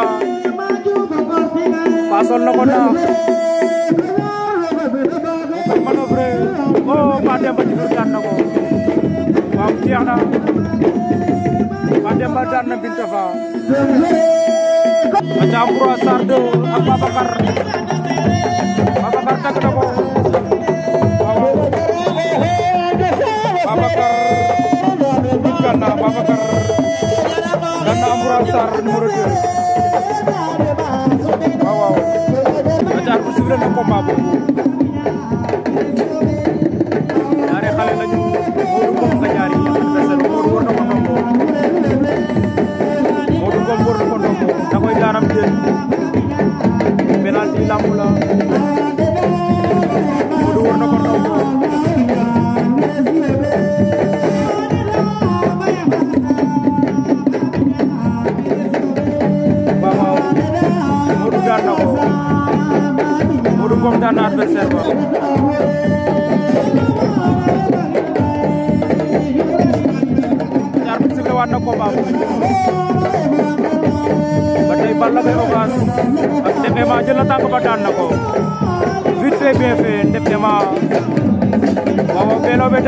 Pak. Pason na Oh, padya ba dinuryan na ko. Pamtiya na. Padya ba dyan na binta pa. Macampur Asardo, ang papakar. Papakar na ko na ko. Papakar. Bukan Dan Amur Asar, waaw waaw. dañu àgg suuf rek ne combat boobu.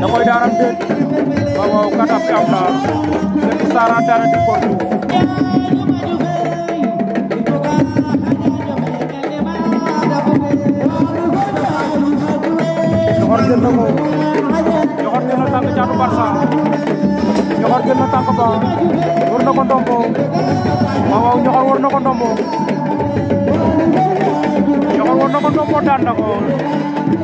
Damoy daram de bawo kata fi amna sebi sara dara di portu Nyohor gel na ko Nyohor gel na tang jatu Barca Nyohor gel na tang ba Wor na ko ndombo Bawo nyohor wor na ko ndombo Nyohor wor na ko ndombo dan na ko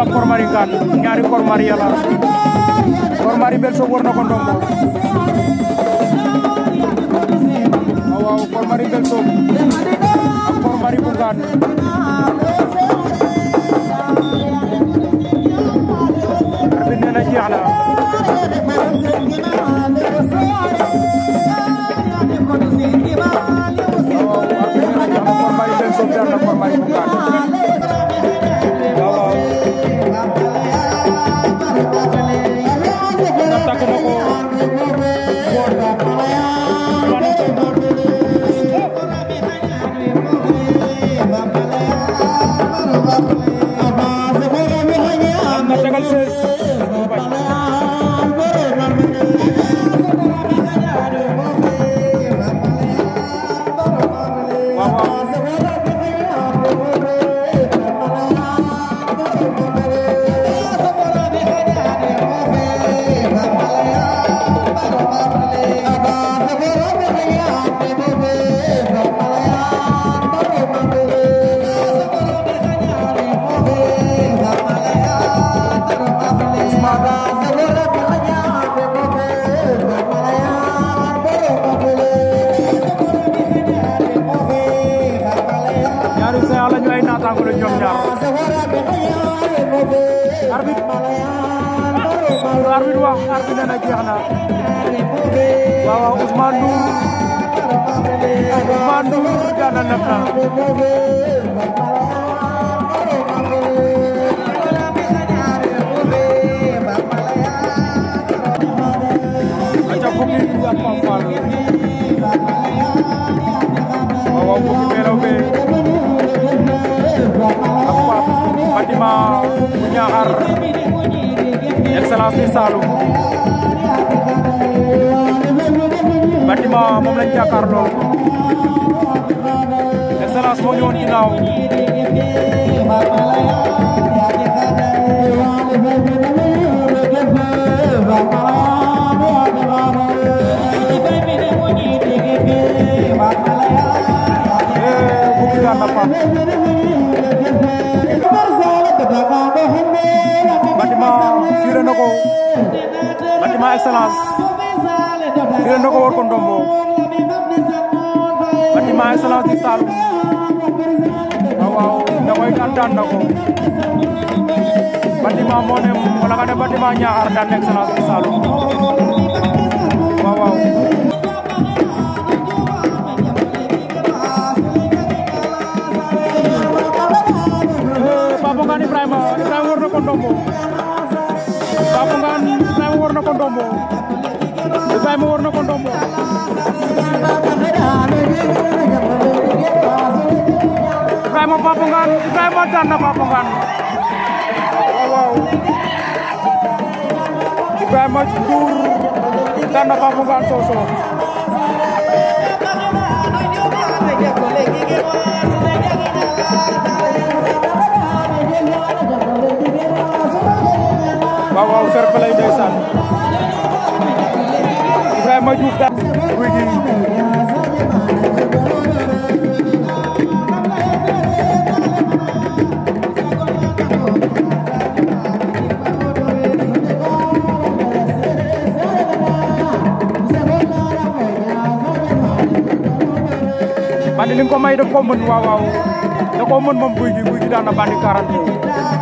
ak Kormari ñaari Kormari yàlla Kormari Belso war na ko Kormari Belso Kormari bu Ngane Wow. jeex na waaw waaw Ousmane Ndour Ousmane Ndour daanaka lañ jàkkaarloo excellence moo ñu woon ginnaaw Bâtiment firé na ko Bâtiment excellence fii la ndogo ko ndombo bâtiment excellence du Saloum waaw waaw ndogoy daan ne wala nga ne bâtiment Niakhar daan na excellence du Saloum waaw waaw Babou Ngane Ibrahima Ibrahima war na ko Ibrahim Warno Kondombo. Ibrahim Papungan, Ibrahim Janda Papungan. Wow, wow. Ibrahim Jur Janda Papungan Soso. Wow, wow, fair play, Desan. Ibrahima Diouf daal guy li ko may daf koo mën waaw waaw da mën moom guy gi guy gi daan na bandi 40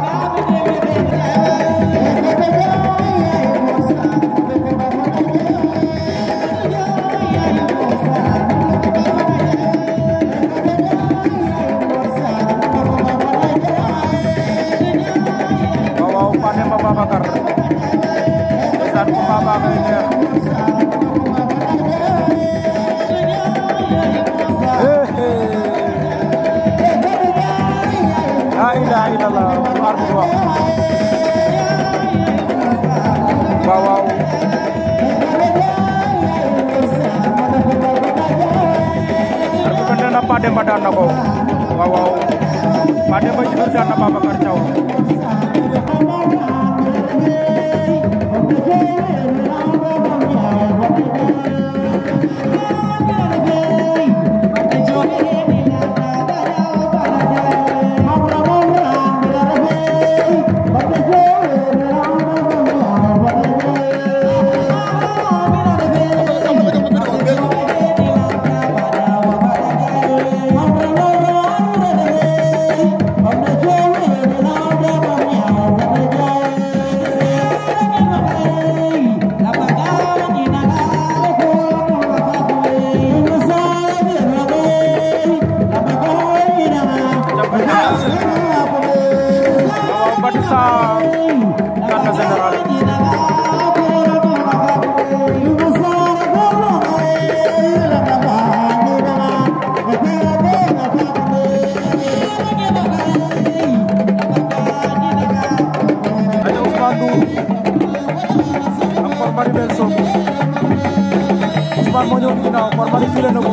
ñëw ginnaaw Kormari filé na ko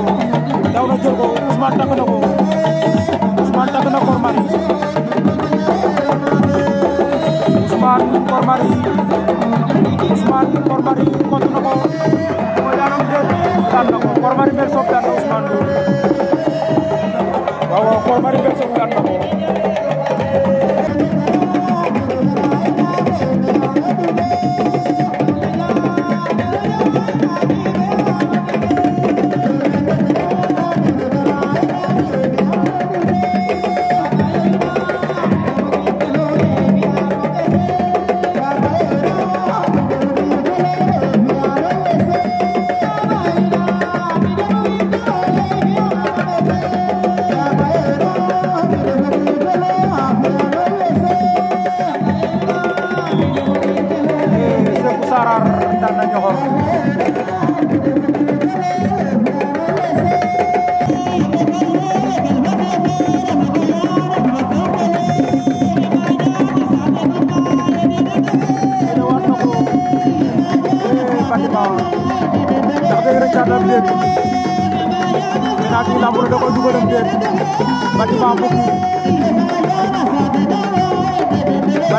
daw na jël ko Ousmane takk na ko Ousmane takk na Kormari Ousmane Kormari Ousmane Kormari kott na ko ko daanam déet ko Kormari bel soog daan na Ousmane Ndour waaw soog daan na ko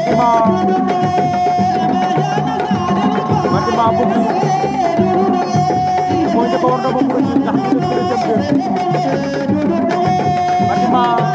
Fatima Fatima Boukou mooy dafa war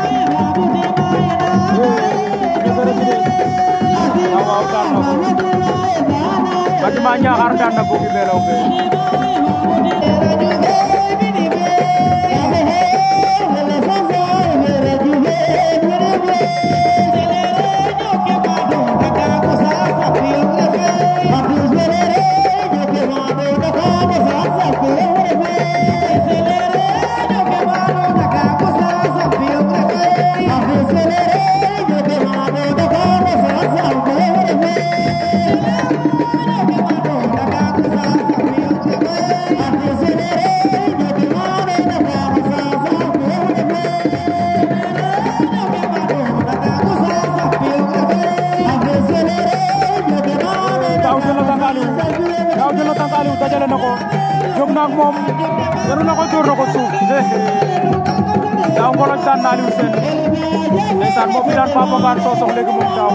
ndeysaan fi daan Papa Bane Sosokh léegi moom daaw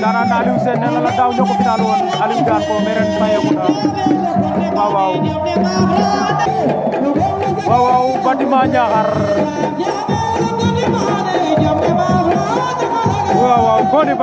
daanaan Aliou Sène nee na la daaw ñoo ko final woon Aliou daan ko mais ren fayeeku na waaw waaw waaw waaw bâtiment Niakhar waaw waaw koo di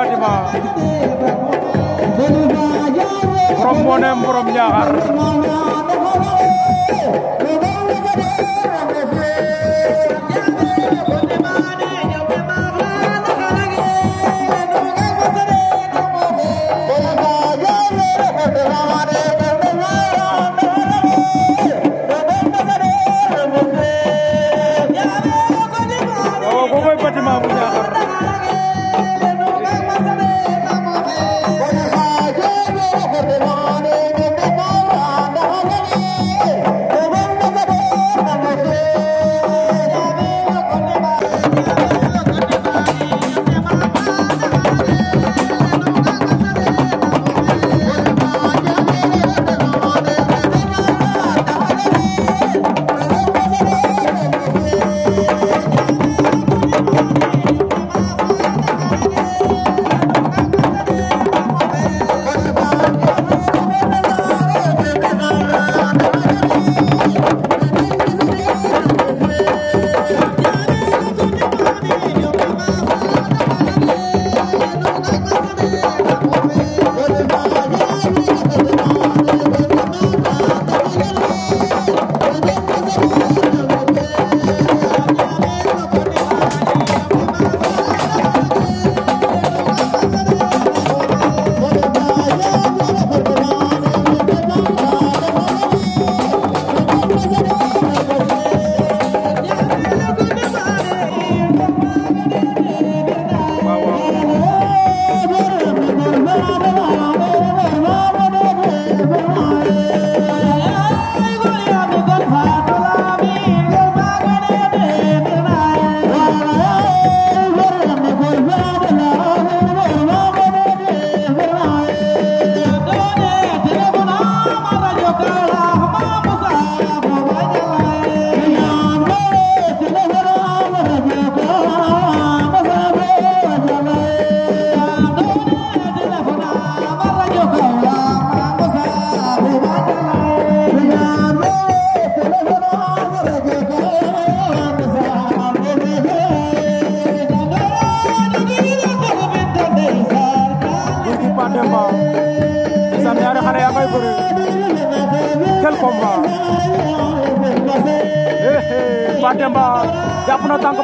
Demba jàpp na tànk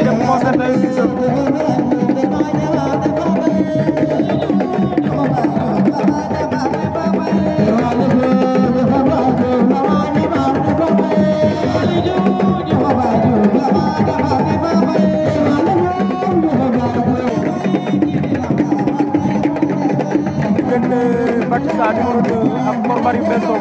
এটা মশার টাইম দিচ্ছে Pakistani, Akbar Bari Beso.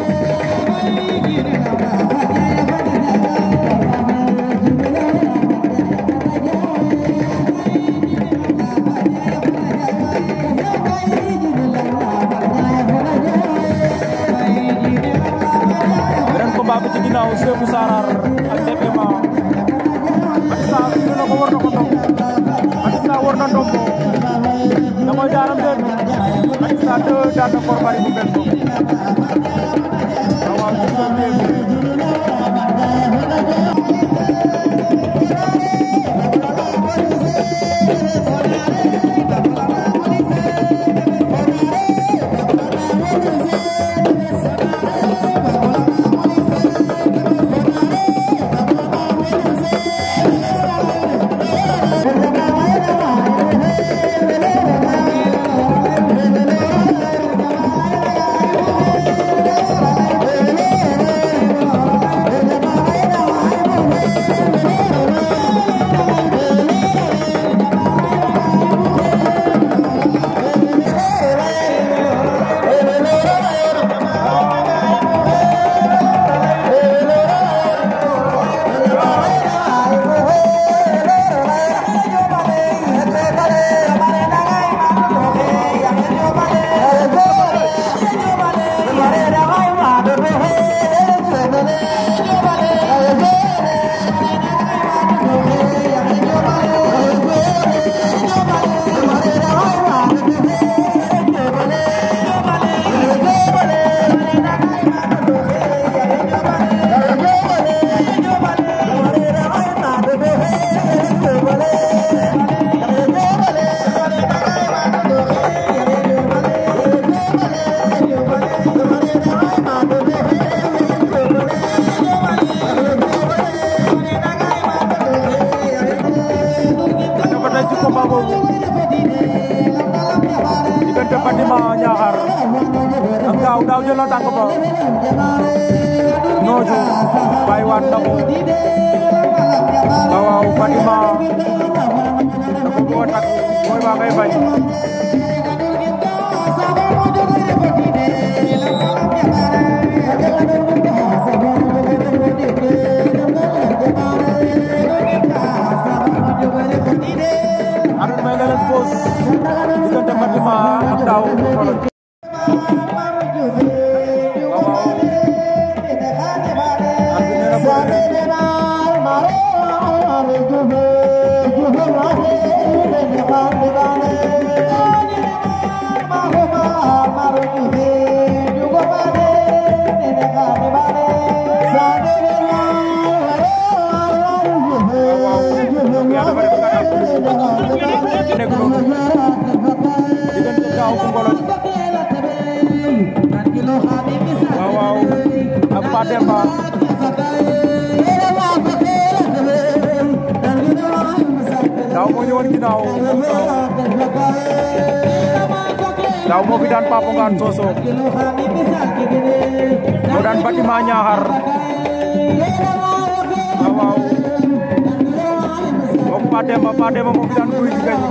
woon ginnaaw daaw moo fi daan Papo Ngane Sossokh moo daan bâtiment Niakhar waaw waaw moom Patema Patema moo fi daan guy ci gañ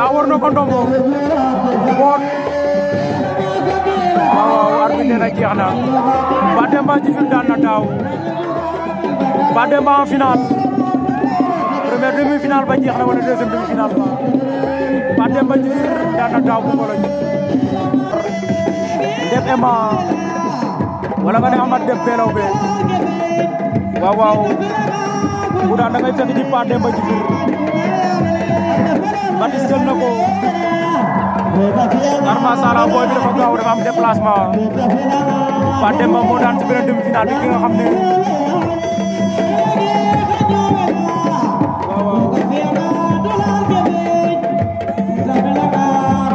ndaa war na ko ndombo boot waaw arbitre nee na jeex na Bademba Djiffil daan na daaw Bademba en finale première demi-finale ba jeex na wala deuxième demi-finale ba Bademba Djiffil daan na daaw bu Ngoloñ Ndeb Emba nga ne Amath Ndeb Beelaw be waaw waaw bu daan da ngay fekk ci Bademba Batiste jël na ko Arma Sala booy bi dafa gaaw dafa am déplacement Pape Demba moo daan ci beneen demi-finale bi ki nga xam ne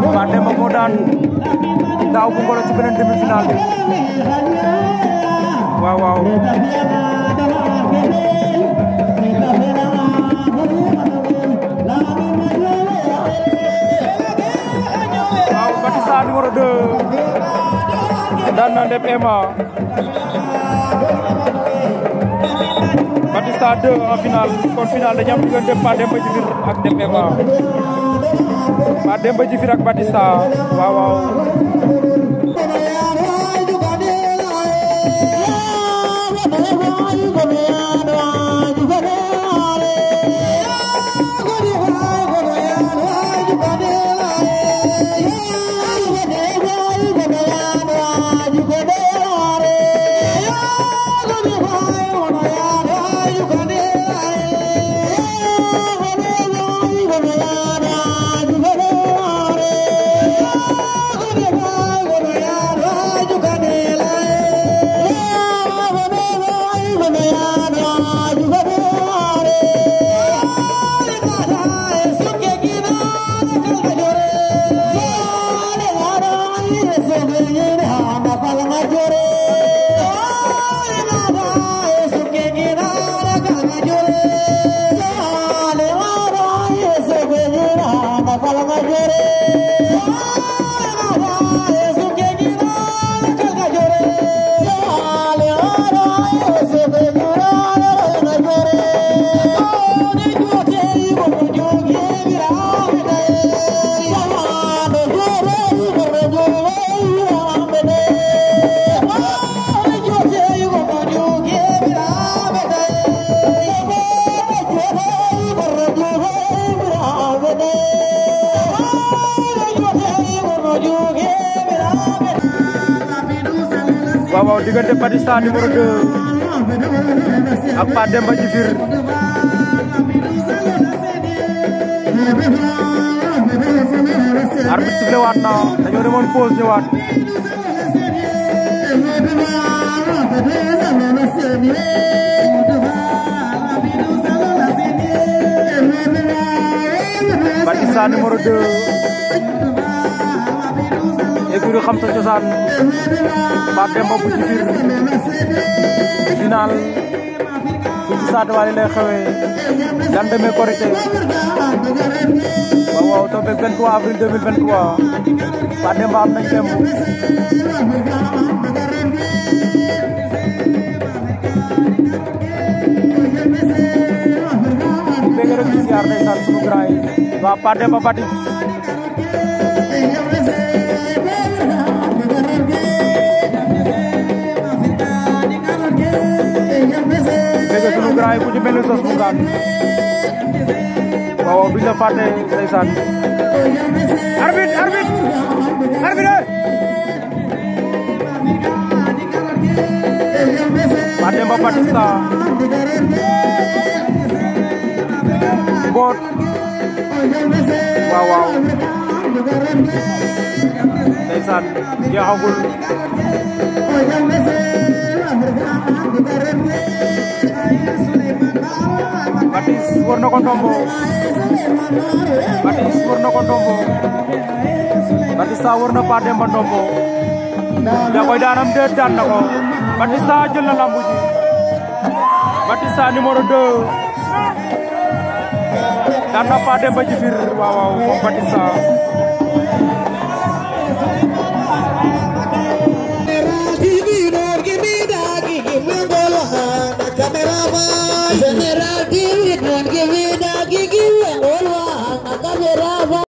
Pape Demba moo daan daaw bu ngoro ci beneen demi-finale bi waaw waaw 2 dan na Ema Batista 2 en ah, finale kon finale dañu am diggante Pa Demba Djifir ak Ndep Ema Pa Demba ak Batista waaw waaw diggante Batista numéro 2 ak Pa Demba Djifir arbitre sifflé waat na dañoo demoon pause ñëwaat Batista numéro 2 écurie xam sa cosaan ba Demba bu Jibir final fii ci xewee gan demee Korité waaw waaw toog 23 avril 2023 ba Demba bu fekkee rek ñu siyaar ndeysaan sunu grand yi waa gars yi ku ci mel ni sos bu ngaan waaw duñ la fàtte ndeysaan arbitre arbitre arbitre Mademba Batista boot waaw a ndeysaan jeexagul Batist war na ko ndombo Batist war na ko ndombo Batista war na Pa Demba ndombo da koy daanam déet daan na ko Batista jël na lambu ji Batista numéro 2 daan na Pa Demba Djifir waaw waaw moom Batista